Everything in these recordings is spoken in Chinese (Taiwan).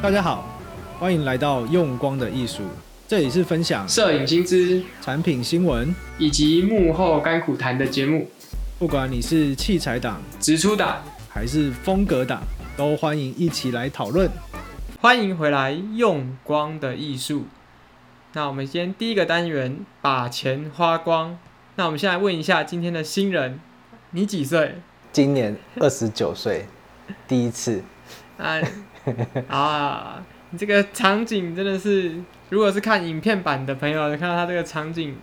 大家好，歡迎來到用光的藝術，這裡是分享攝影新知、產品新聞以及幕後甘苦談的節目。不管你是器材黨、直出黨，還是風格黨，都歡迎一起來討論。歡迎回來，用光的藝術。那我們先第一個單元，把錢花光。那我們先來問一下今天的新人，你幾歲？今年二十九歲。 第一次。啊、嗯。 啊，你這個場景真的是，如果是看影片版的朋友，你看到他這個場景，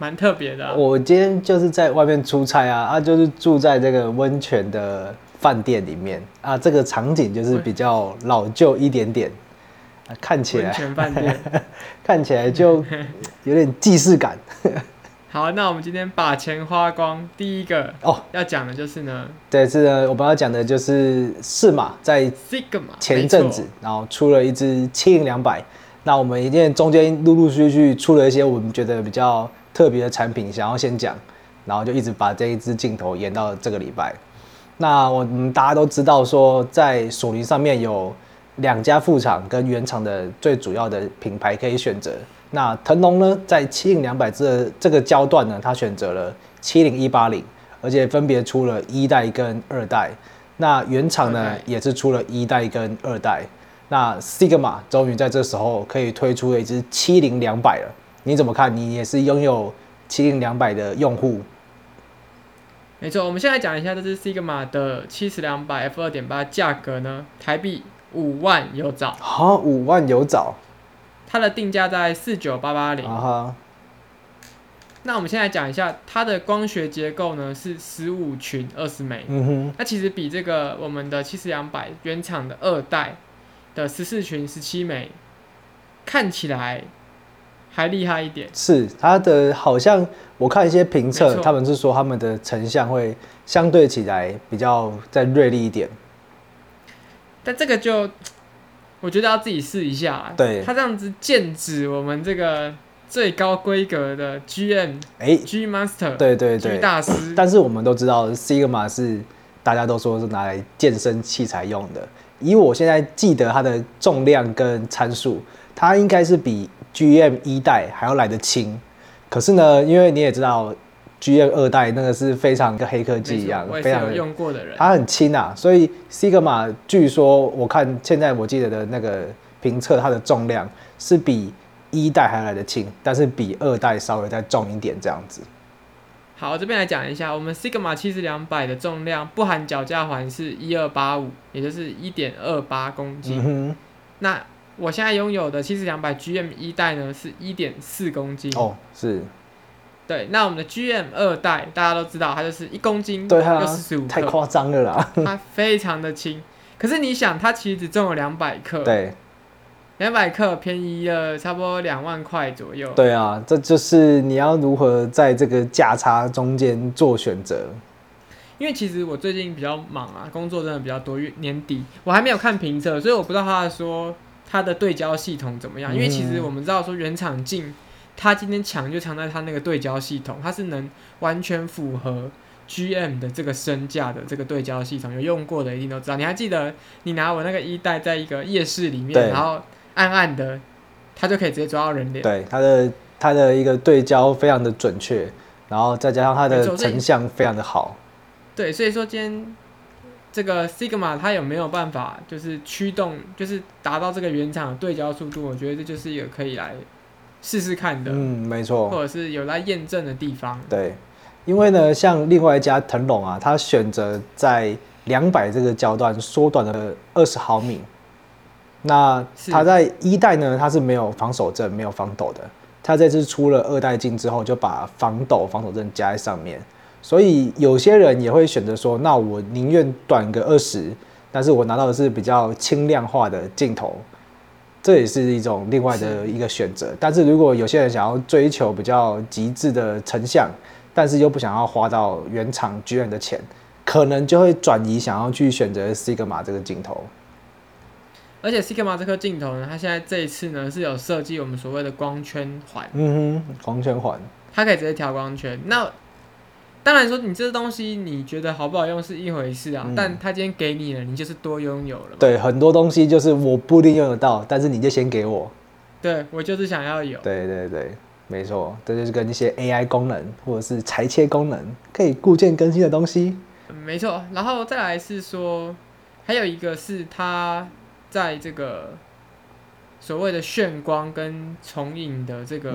蠻特別的、啊。我今天就是在外面出差啊，啊，就是住在這個溫泉的飯店裡面啊，這個場景就是比較老舊一點點，嗯啊、看起來溫泉飯店 看起來就 有點既視感。 好、啊，那我們今天把錢花光。第一個哦，要講的就是呢，這次呢我們要講的就是適馬在前陣子 Sigma，然後出了一支70-200。那我們一定中間陸陸續續出了一些我們覺得比較特別的產品，想要先講，然後就一直把這一支鏡頭延到這個禮拜。那我們大家都知道說，在索尼上面有兩家副廠跟原廠的最主要的品牌可以選擇。那騰龍呢，在70-200這，這個焦段呢，它選擇了70-180，而且分別出了一代跟二代。那原廠呢，okay. 也是出了一代跟二代。那 Sigma 終於在這時候可以推出了一支70-200了。你怎麼看？你也是擁有70-200的用戶？沒錯，我們現在講一下這隻 Sigma 的70-200 f2.8 價格呢，台幣五萬有找。好，五萬有找。它的定價在四九八八零。啊哈。那我們先來講一下它的光學結構呢，是十五群二十枚。嗯哼。那、嗯、其實比這個我們的七十兩百原廠的二代的十四群十七枚看起來還厲害一點。是它的好像我看一些評測，他們是說他們的成像會相對起來比較再銳利一點。但這個就。我覺得要自己試一下對，他這樣子劍指我們這個最高規格的 GM 哎、欸、G Master 對對對，對，G、大師。但是我們都知道，Sigma 是大家都說是拿來健身器材用的。以我現在記得它的重量跟參數，它應該是比 GM 一代還要來得輕。可是呢，因為你也知道。G M 二代那個是非常跟黑科技一樣，非常用過的人，它很輕啊，所以 Sigma 據說，我看現在我記得的那個評測，它的重量是比一代還來得輕，但是比二代稍微再重一點這樣子。好，這邊來講一下，我們 Sigma 70-200的重量不含腳架環是一二八五，也就是一點二八公斤。嗯哼。那我現在擁有的70-200 G M 一代呢，是一點四公斤哦，是。對，那我們的 GM 二代，大家都知道，它就是一公斤又四十五克，太誇張了啦！它非常的輕，可是你想，它其實只重了兩百克，對，兩百克便宜了差不多兩萬塊左右。對啊，這就是你要如何在這個價差中間做選擇。因為其實我最近比較忙啊，工作真的比較多。年底我還沒有看評測，所以我不知道他說它的對焦系統怎麼樣。嗯，因為其實我們知道說原廠鏡。它今天強就強在它那個對焦系統，它是能完全符合 GM 的這個身價的這個對焦系統，有用過的一定都知道。你還記得你拿我那個一代在一個夜市裡面，然後暗暗的，它就可以直接抓到人臉。對，它的它的一個對焦非常的準確，然後再加上它的成像非常的好，嗯。對，所以說今天這個 Sigma 它有沒有辦法就是驅動，就是達到這個原廠的對焦速度？我覺得這就是一個可以來。試試看的，嗯，沒錯，或者是有在驗證的地方。對，因為呢，像另外一家騰龍啊，它選擇在兩百這個焦段縮短了二十毫米。那它在一代呢，它是沒有防手震、沒有防抖的。它這次出了二代鏡之後，就把防抖、防手震加在上面。所以有些人也會選擇說，那我寧願短個二十，但是我拿到的是比較輕量化的鏡頭。這也是一種另外的一個選擇，但是如果有些人想要追求比較極致的成像，但是又不想要花到原廠居然的錢，可能就會轉移想要去選擇 Sigma 這個鏡頭。而且 Sigma 這顆鏡頭呢，它現在這一次呢是有設計我們所謂的光圈環。嗯哼，光圈環，它可以直接調光圈。那當然說，你這東西你覺得好不好用是一回事啊，嗯、但他今天給你了，你就是多擁有了。對，很多東西就是我不一定用得到，但是你就先給我。對，我就是想要有。對對對，沒錯，這就是跟一些 AI 功能或者是裁切功能可以固件更新的東西。嗯、沒錯，然後再來是說，還有一個是它在這個所謂的眩光跟重影的這個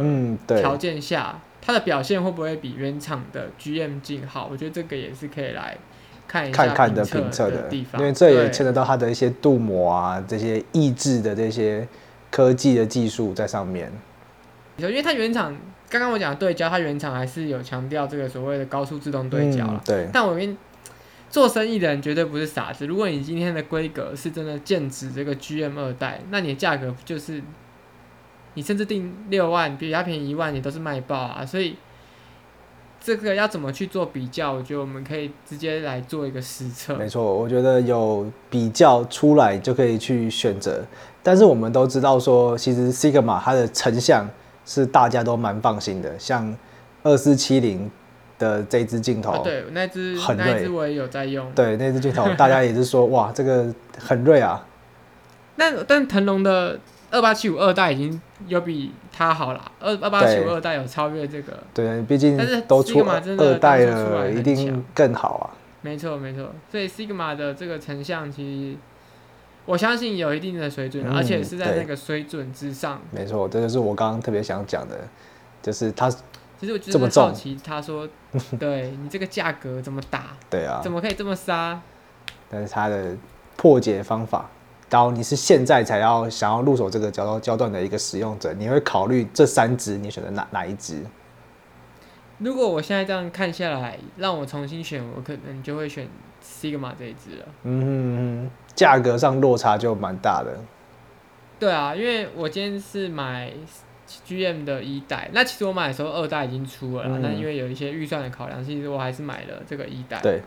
條件下。嗯它的表現會不會比原廠的 GM 鏡好？我覺得這個也是可以來看一看的評測的地方看看的的，因為這也牽扯到它的一些鍍膜啊、這些異質的這些科技的技術在上面。因為它原廠剛剛我講的對焦，它原廠還是有強調這個所謂的高速自動對焦了、嗯。對，但我跟做生意的人絕對不是傻子。如果你今天的規格是真的劍指這個 GM 二代，那你的價格就是。你甚至定六萬，比它便宜一萬，也都是賣爆啊！所以這個要怎麼去做比較？我覺得我們可以直接來做一個實測。沒錯，我覺得有比較出來就可以去選擇。但是我們都知道說，其實 Sigma 它的成像是大家都蠻放心的。像二四七零的這支鏡頭，啊、對，那隻很銳，那隻我也有在用。對，那隻鏡頭大家也是說 哇，這個很銳啊。那但騰龍的。二八七五二代已經有比它好了，二二八七五二代，有超越這個。對，畢竟都出，但是都出二代了，一定更好啊。沒錯沒錯，所以 Sigma 的這個成像其實，我相信有一定的水準，嗯，而且是在那個水準之上。沒錯，這就是我剛剛特別想講的，就是他，其實我覺得很好奇，他說 對你這個價格怎麼打？對啊，怎麼可以這麼殺？但是他的破解方法。然後你是現在才要想要入手這個焦焦段的一個使用者，你會考慮這三支，你選擇哪哪一支？如果我現在這樣看下來，讓我重新選，我可能就會選 Sigma 這一支了。嗯，價格上落差就蠻大的。對啊，因為我今天是買 GM 的一代，那其實我買的時候二代已經出了了，那、嗯、因為有一些預算的考量，其實我還是買了這個一代。對。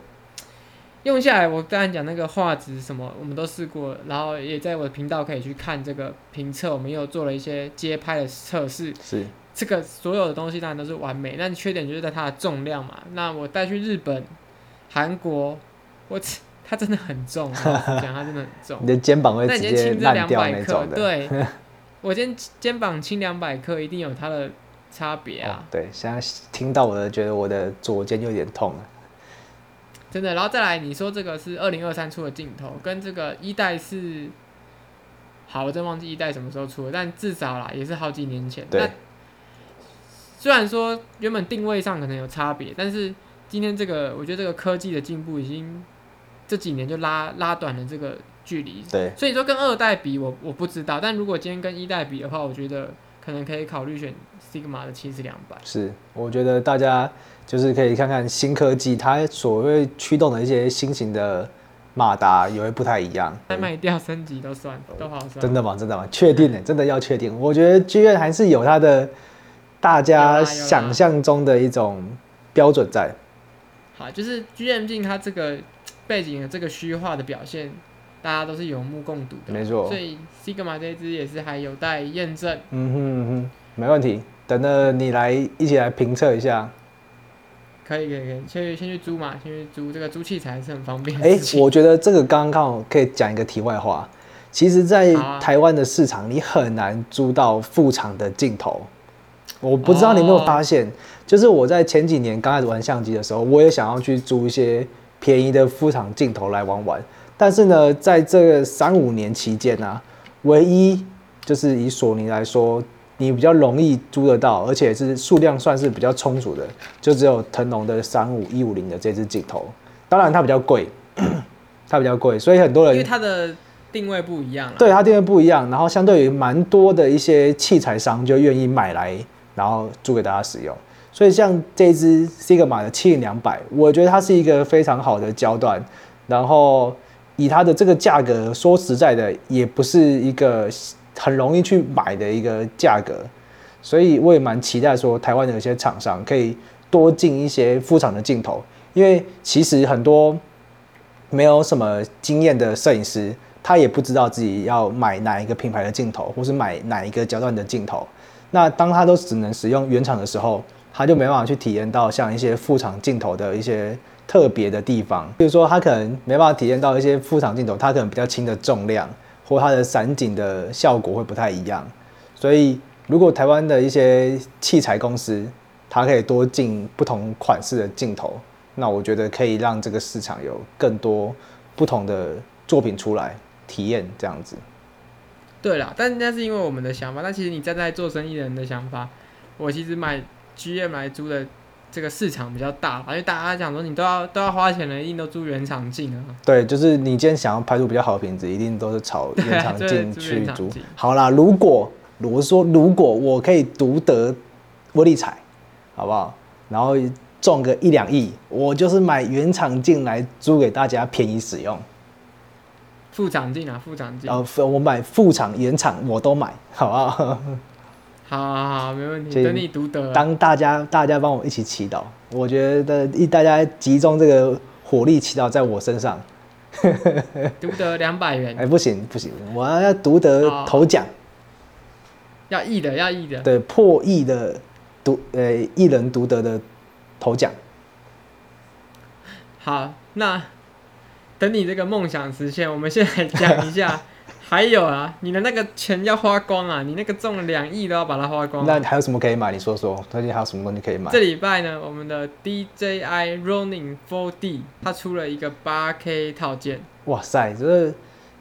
用下來，我剛才講那個畫質什麼，我們都試過，然後也在我的頻道可以去看這個評測。我們又做了一些街拍的測試，是這個所有的東西當然都是完美，但缺點就是在它的重量嘛。那我帶去日本、韓國，我它真， 它真的很重，講它真的很重。你的肩膀會直接爛掉那種。 對，我今天肩膀輕兩百克，一定有它的差別啊。哦。對，現在聽到我都覺得我的左肩有點痛了。真的，然後再來，你說這個是二零二三出的鏡頭，跟這個一代是好，我真忘記一代什麼時候出的，但至少啦也是好幾年前。對。那雖然說原本定位上可能有差別，但是今天這個，我覺得這個科技的進步已經這幾年就拉拉短了這個距離。對。所以說跟二代比我，我我不知道，但如果今天跟一代比的話，我覺得。可能可以考慮選 Sigma 的七十兩百。是，我覺得大家就是可以看看新科技它所謂驅動的一些新型的馬達，也會不太一樣。賣掉升級都算，都好算。真的嗎？真的嗎？確定哎、欸，真的要確定。我覺得 GM 還是有它的大家想象中的一種標準在。好，就是 G M 鏡它這個背景的這個虛化的表現。大家都是有目共睹的，沒錯。所以 Sigma 這一支也是還有待驗證。嗯哼嗯哼，沒問題，等着你來一起來評測一下。可以可以可以，先去先去租嘛，先去租這個租器材是很方便。哎、欸，我覺得這個剛剛剛好可以講一個題外話。其實，在台灣的市場，你很難租到副廠的鏡頭、啊。我不知道你有沒有發現，哦、就是我在前幾年剛開始玩相機的時候，我也想要去租一些便宜的副廠鏡頭來玩玩。但是呢，在這個三五年期間呢、啊，唯一就是以索尼來說，你比較容易租得到，而且是數量算是比較充足的，就只有騰龍的三五一五零的這支鏡頭。當然它比較貴， 它比較貴，所以很多人因為它的定位不一樣，對，它定位不一樣，然後相對於蠻多的一些器材商就願意買來，然後租給大家使用。所以像這一支 Sigma 的七零兩百，我覺得它是一個非常好的焦段，然後。以它的這個價格，說實在的，也不是一個很容易去買的一個價格，所以我也蠻期待說，台灣的有些廠商可以多進一些副廠的鏡頭，因為其實很多沒有什麼經驗的攝影師，他也不知道自己要買哪一個品牌的鏡頭，或是買哪一個焦段的鏡頭。那當他都只能使用原廠的時候，他就沒辦法去體驗到像一些副廠鏡頭的一些。特別的地方，比如說它可能沒辦法體驗到一些副廠鏡頭，它可能比較輕的重量，或它的散景的效果會不太一樣。所以，如果台灣的一些器材公司，它可以多進不同款式的鏡頭，那我覺得可以讓這個市場有更多不同的作品出來體驗這樣子。對啦，但那是因為我們的想法，那其實你站在做生意的人的想法，我其實買 GM 來租的。這個市場比較大，而且大家講說你都要都要花錢了，一定都租原廠鏡啊。對，就是你今天想要拍出比較好的品質，一定都是朝原廠鏡去租、租。好啦，如果我說如果我可以獨得威力彩，好不好？然後中個一兩億，我就是買原廠鏡來租給大家便宜使用。副廠鏡啊，副廠鏡。然後我買副廠、原廠我都買，好不好？嗯好好、啊、好，沒問題。等你獨得，當大家大家幫我一起祈禱，我覺得一大家集中這個火力祈禱在我身上，獨 得兩百元。哎、欸，不行不行，我要獨得頭獎、哦，要億的，要億的，對，破億的獨，呃，一、欸、人獨得的頭獎。好，那等你這個夢想實現，我們先來講一下。 還有啊，你的那個錢要花光啊！你那個中了兩億都要把它花光啊。那還有什麼可以買？你說說，最近還有什麼東西可以買？這禮拜呢，我們的 DJI Ronin 4D 它出了一個八 K 套件。哇塞，就是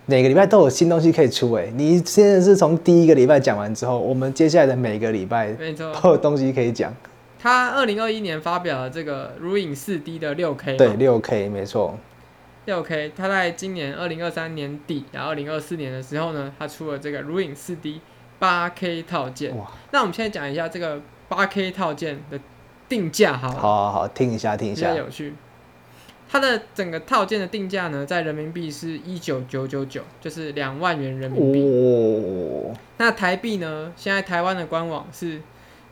每個禮拜都有新東西可以出哎欸！你現在是從第一個禮拜講完之後，我們接下來的每個禮拜都有東西可以講。它二零二一年發表了這個如影 4D 的六 K，對，六 K，沒錯。六 K，他在今年二零二三年底，然後二零二四年的時候呢，他出了這個如影四 D 八 K 套件。那我們現在講一下這個八 K 套件的定價好了，好。好好好，聽一下聽一下。有趣。它的整個套件的定價呢，在人民幣是一九九九九，就是兩萬元人民幣。哦，那台幣呢？現在台灣的官網是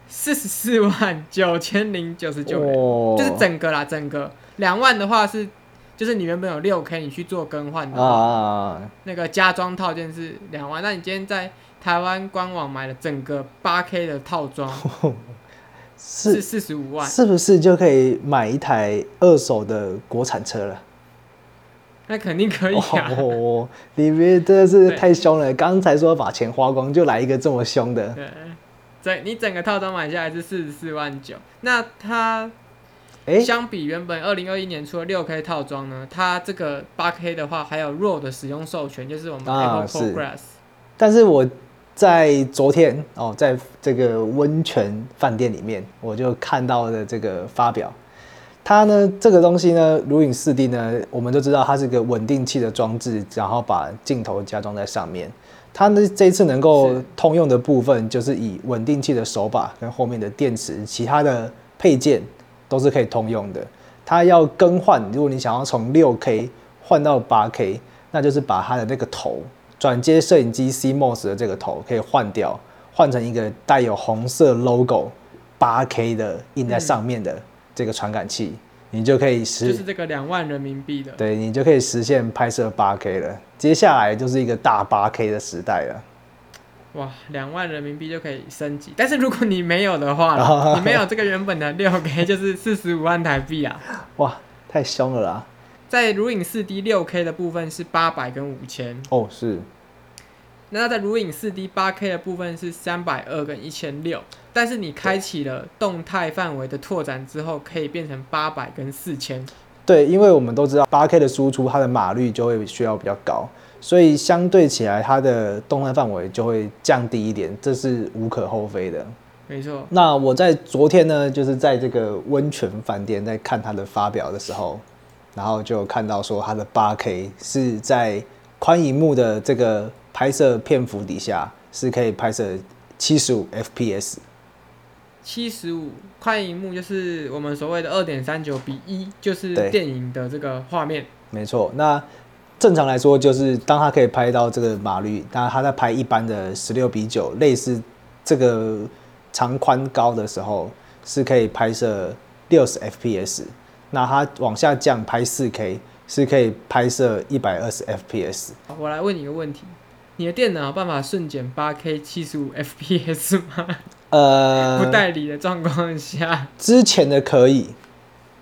四十四萬九千零九十九元，就是整個啦，整個兩萬的話是。就是你原本有六 k，你去做更換的啊，那個加裝套件是兩萬，啊，那你今天在台灣官網買了整個八 k 的套裝，哦，是四十五萬，是不是就可以買一台二手的國產車了？那肯定可以，啊、哦，你，哦、別真的是太兇了，剛才說把錢花光，就來一個這麼兇的。對，整你整個套裝買下來是四十四萬九，那它。欸、相比原本二零二一年出的六 K 套裝呢，它這個八 K 的話，還有 RAW 的使用授權，就是我們 Apple ProRes。啊、是、但是我在昨天哦，在這個溫泉飯店裡面，我就看到了這個發表。它呢，這個東西呢，如影四 D 呢，我們都知道它是一個穩定器的裝置，然後把鏡頭加裝在上面。它呢，這一次能夠通用的部分，就是以穩定器的手把跟後面的電池，其他的配件。都是可以通用的。它要更換，如果你想要從六 K 換到八 K，那就是把它的那個頭，轉接攝影機 CMOS 的這個頭可以換掉，換成一個帶有紅色 logo 八 K 的印在上面的這個傳感器，嗯，你就可以實，就是這個兩萬人民幣的，對，你就可以實現拍攝八 K 了。接下來就是一個大八 K 的時代了。哇，兩萬人民幣就可以升級，但是如果你沒有的話， 你沒有這個原本的六 K 就是四十五萬台幣啊！哇，太凶了啦！在如影四 D 六 K 的部分是八百跟五千哦，是。那在如影四 D 八 K 的部分是三百二跟一千六，但是你開啟了動態範圍的拓展之後，可以變成八百跟四千。對，因為我們都知道八 K 的輸出，它的碼率就會需要比較高，所以相對起來它的動態範圍就會降低一點，這是無可厚非的。沒錯。那我在昨天呢，就是在這個溫泉飯店在看它的發表的時候，然後就看到說它的八 K 是在寬熒幕的這個拍攝片幅底下是可以拍攝七十五 FPS。七十五，寬銀幕就是我們所謂的二點三九比一，就是電影的這個畫面。沒錯。那正常來說，就是當它可以拍到這個碼率，那它在拍一般的十六比九類似這個長寬高的時候，是可以拍攝六十 FPS。那它往下降拍四 K，是可以拍攝一百二十 FPS。我來問你一個問題：你的電腦有辦法瞬減八 K 七十五 FPS 嗎？呃，不代理的狀況下，之前的可以，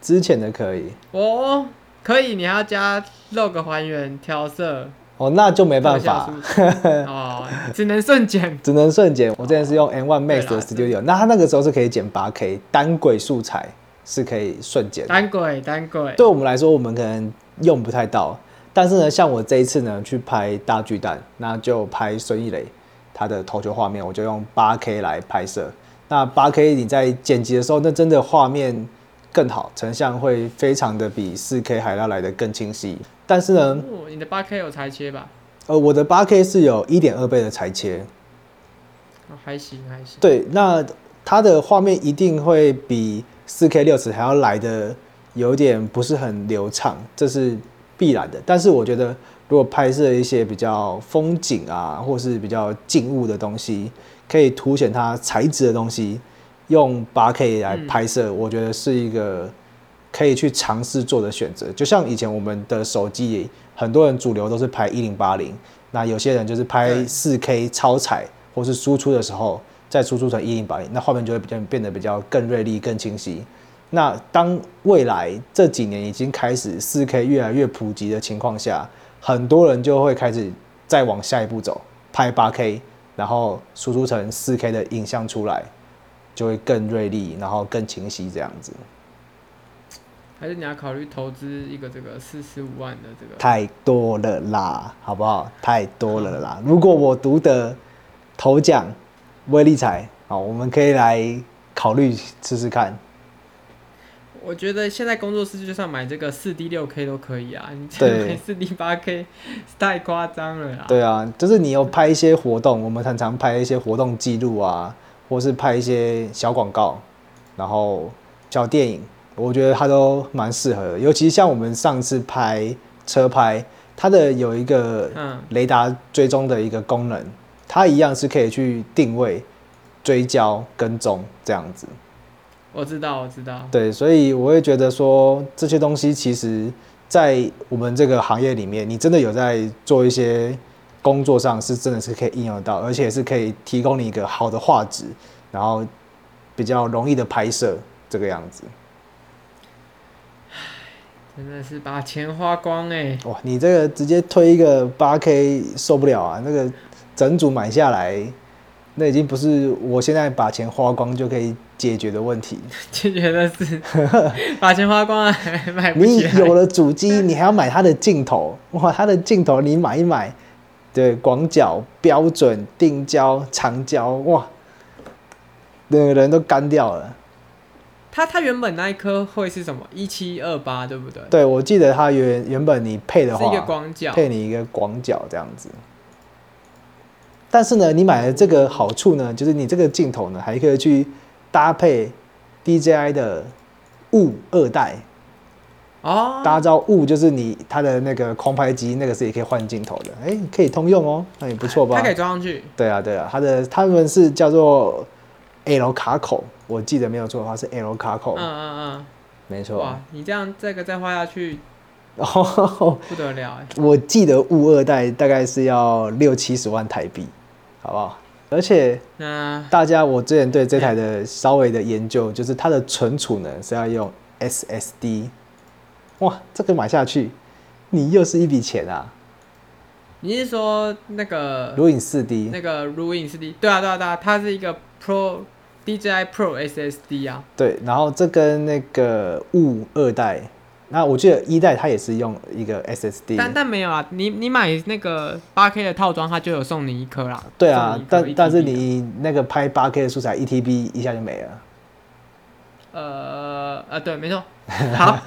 之前的可以，哦，可以，你要加 log 還原、調色，哦，那就沒辦法，是是哦 只，只能瞬剪，只能瞬剪。我之前是用 M1 Max、哦、的 Studio，那他那個時候是可以剪八 K 單軌素材是可以瞬剪，單軌單軌。對我們來說，我們可能用不太到，但是呢，像我這一次呢，去拍大巨蛋，那就拍孫藝蕾。他的投球畫面，我就用八 K 來拍攝。那八 K 你在剪輯的時候，那真的畫面更好，成像會非常的比四 K 還要來得更清晰。但是呢，哦、你的八 K 有裁切吧？呃，我的八 K 是有1.2倍的裁切，哦、還行還行。對，那它的畫面一定會比四 K 六十還要來的有點不是很流暢，這是必然的。但是我覺得。如果拍攝一些比較風景啊，或是比較靜物的東西，可以凸顯它材質的東西，用八 K 來拍攝，嗯，我覺得是一個可以去嘗試做的選擇。就像以前我們的手機，很多人主流都是拍一零八零，那有些人就是拍四 K 超採，嗯、或是輸出的時候再輸出成一零八零，那畫面就會變得比較更銳利、更清晰。那當未來這幾年已經開始四 K 越來越普及的情況下，很多人就會開始再往下一步走，拍 8K，然後輸出成 4K 的影像出來，就會更銳利，然後更清晰這樣子。還是你要考慮投資一個這個四十五萬的這個？太多了啦，好不好？太多了啦。如果我獨得頭獎，威力彩，好，我們可以來考慮試試看。我覺得現在工作室就算買這個四 D 六 K 都可以啊，你買四 D 八 K 太誇張了啊。對啊，就是你有拍一些活動，我們常常拍一些活動記錄啊，或是拍一些小廣告，然後小電影，我覺得它都蠻適合的。尤其像我們上次拍車拍，它的有一個雷達追蹤的一個功能，它、嗯、一樣是可以去定位、追焦、跟蹤這樣子。我知道，我知道。對，所以我會覺得說，這些東西，其實，在我們這個行業裡面，你真的有在做一些工作上是真的是可以應用到，而且是可以提供你一個好的畫質，然後比較容易的拍攝這個樣子。真的是把錢花光欸！哇，你這個直接推一個八 K 受不了啊！那個整組買下來。那已經不是我現在把錢花光就可以解決的問題。解決的是把錢花光還買不起來 你有了主機，你還要買它的鏡頭哇！它的鏡頭你買一買，對，廣角、標準、定焦、長焦哇，那人都幹掉了。他他原本那一顆會是什麼？一七二八對不對？對，我記得他原原本你配的話是一個廣角，配你一個廣角這樣子。但是呢，你買的這個好處呢，就是你這個鏡頭呢，還可以去搭配 DJI 的悟二代哦，大家知道悟就是你它的那個空拍機那個是也可以換鏡頭的，哎、欸，可以通用哦，那也不錯吧？它可以裝上去。對啊，對啊，它的他們是叫做 L 卡口，我記得沒有錯的話是 L 卡口。嗯嗯嗯，沒錯、啊。哇，你這樣這個再畫下去，不得了，不得了、欸哦、我記得悟二代大概是要六七十萬台幣。好不好？而且，大家，我之前對這台的稍微的研究，就是它的存儲呢是要用 SSD。哇，這個買下去，你又是一筆錢啊！你是說那個？如影 4D。那個如影 4D，對啊，對啊，對啊，它是一個 Pro DJI Pro SSD 啊。對，然後這跟那個悟二代。那我記得一代它也是用一個 SSD。但但沒有啊，你你買那個八 K 的套裝，它就有送你一顆啦。對啊，但但是你那個拍八 K 的素材，1TB 一下就沒了。呃呃，對，沒錯。好，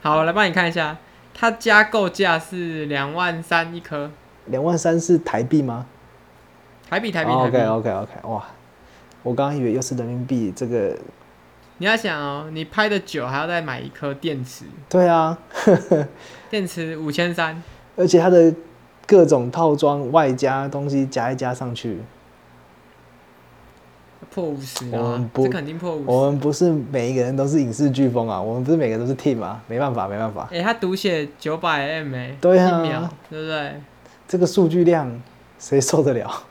好，來幫你看一下，它加購價是兩萬三一顆。兩萬三是台幣嗎？台幣台幣台幣。Oh, OK OK OK，哇，我剛剛以為又是人民幣這個。你要想哦，你拍的久還要再買一顆電池。對啊， 電池五千三，而且它的各種套裝外加東西加一加上去，破五十啊！我們不、這個、肯定破五十。我們不是每一個人都是影視颶風啊，我們不是每個人都是 team 啊，沒辦法，沒辦法。哎、欸，它讀寫九百 mA，對啊一秒，對不對？這個數據量誰受得了？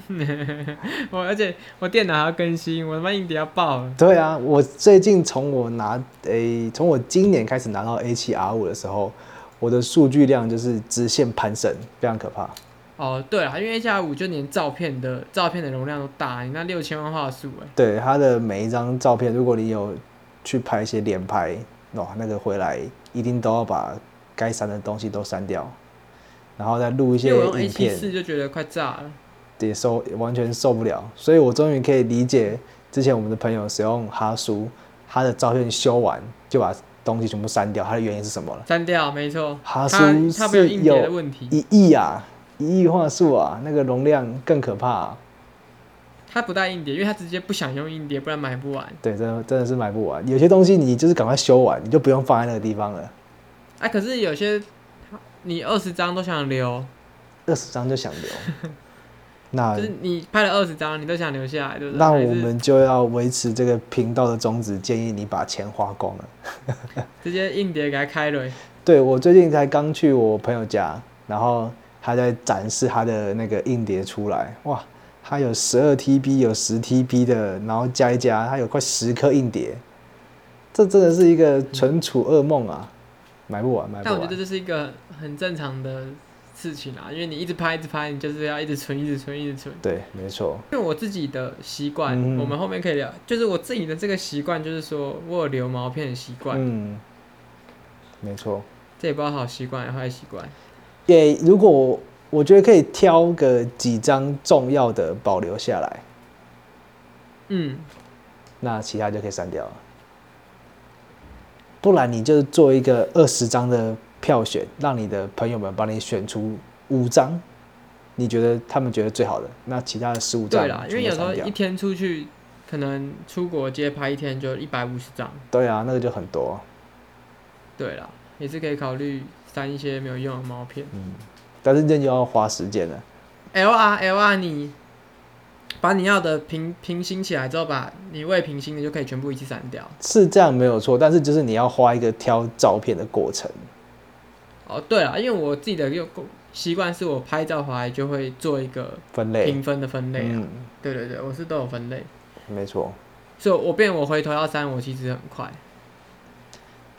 我而且我電腦還要更新，我他媽硬盤要爆了，對啊。我最近從我拿誒，從、欸、我今年開始拿到 a 七 r 五的時候，我的數據量就是直線攀升，非常可怕。哦，對啊，因為 a 七 r 五就連照片的照片的容量都大，你那六千萬畫素、欸，哎，對，它的每一張照片，如果你有去拍一些連拍，哇、哦，那個回來一定都要把該刪的東西都刪掉，然後再錄一些影片。因為我用 a 7 r 4就覺得快炸了。也收，也完全受不了，所以我終於可以理解之前我們的朋友使用哈蘇，他的照片修完就把東西全部刪掉，他的原因是什麼了？刪掉，沒錯。哈蘇，他他沒有硬碟的問題。一億啊，一億畫素啊，那個容量更可怕啊。他不帶硬碟，因為他直接不想用硬碟，不然買不完。對，真的真的是買不完。有些東西你就是趕快修完，你就不用放在那個地方了。哎、啊，可是有些，你二十張都想留，二十張就想留。 那，就是、你拍了二十張，你都想留下來，那我們就要維持這個頻道的宗旨，建議你把錢花光了。 直接硬碟給他開了。對，我最近才剛去我朋友家，然後還在展示他的那個硬碟出來，哇，他有十二 TB，有十 TB 的，然後加一加，他有快十顆硬碟，這真的是一個存儲噩夢啊、嗯，買不完，買不完。但我覺得這是一個很正常的事情啊，因為你一直拍，一直拍，你就是要一直存，一直存，一直存。對，沒錯。因為我自己的習慣、嗯，我們後面可以聊，就是我自己的這個習慣，就是說，我有我留毛片的習慣。嗯，沒錯。這也不知道好習慣還是壞習慣。Yeah, 如果我覺得可以挑個幾張重要的保留下來，嗯，那其他就可以刪掉了。不然你就做一個二十張的。票選，讓你的朋友們幫你選出五張，你覺得他們覺得最好的。那其他的十五張，對啦，因為有時候一天出去，可能出國街拍一天就一百五十張。對啊，那個就很多。對啦，也是可以考慮刪一些沒有用的毛片。嗯，但是這就要花時間了。L R L R，你把你要的平平行起來之後，把你未平行的就可以全部一起刪掉。是這樣沒有錯，但是就是你要花一個挑照片的過程。哦，對啊，因為我自己的用習慣是我拍照回來就會做一個分類、評分的分類啊、嗯。對對對，我是都有分類，沒錯。所以我變，我回頭要刪，我其實很快。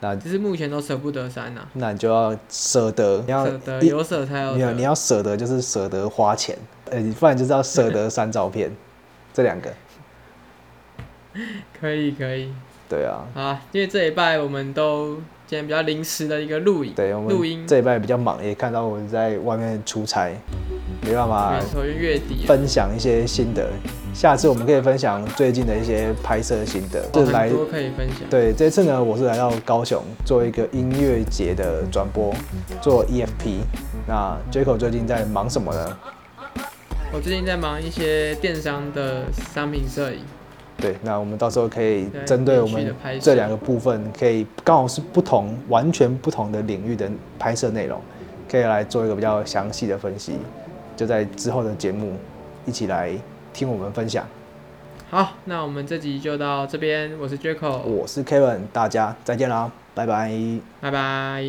那只是目前都捨不得刪吶。那你就要捨得，你要捨得，有捨才有。你要你要捨得，就是捨得花錢，呃、欸，你不然就是要捨得刪照片。 這兩個可以可以，對啊。啊，因為這禮拜我們都。今天比較臨時的一個錄影，對，我們錄音這一半比較忙，也看到我們在外面出差，沒辦法，沒錯，月底分享一些心得。下次我們可以分享最近的一些拍攝心得、哦就是來哦，很多可以分享。對，這次呢，我是來到高雄做一個音樂節的轉播，做 EFP。那 Jaco 最近在忙什麼呢？我最近在忙一些電商的商品攝影。對，那我們到時候可以針對我們這兩個部分，可以剛好是不同、完全不同的領域的拍攝內容，可以來做一個比較詳細的分析，就在之後的節目一起來聽我們分享。好，那我們這集就到這邊，我是 Jaco，我是 Kevin，大家再見啦，拜拜，拜拜。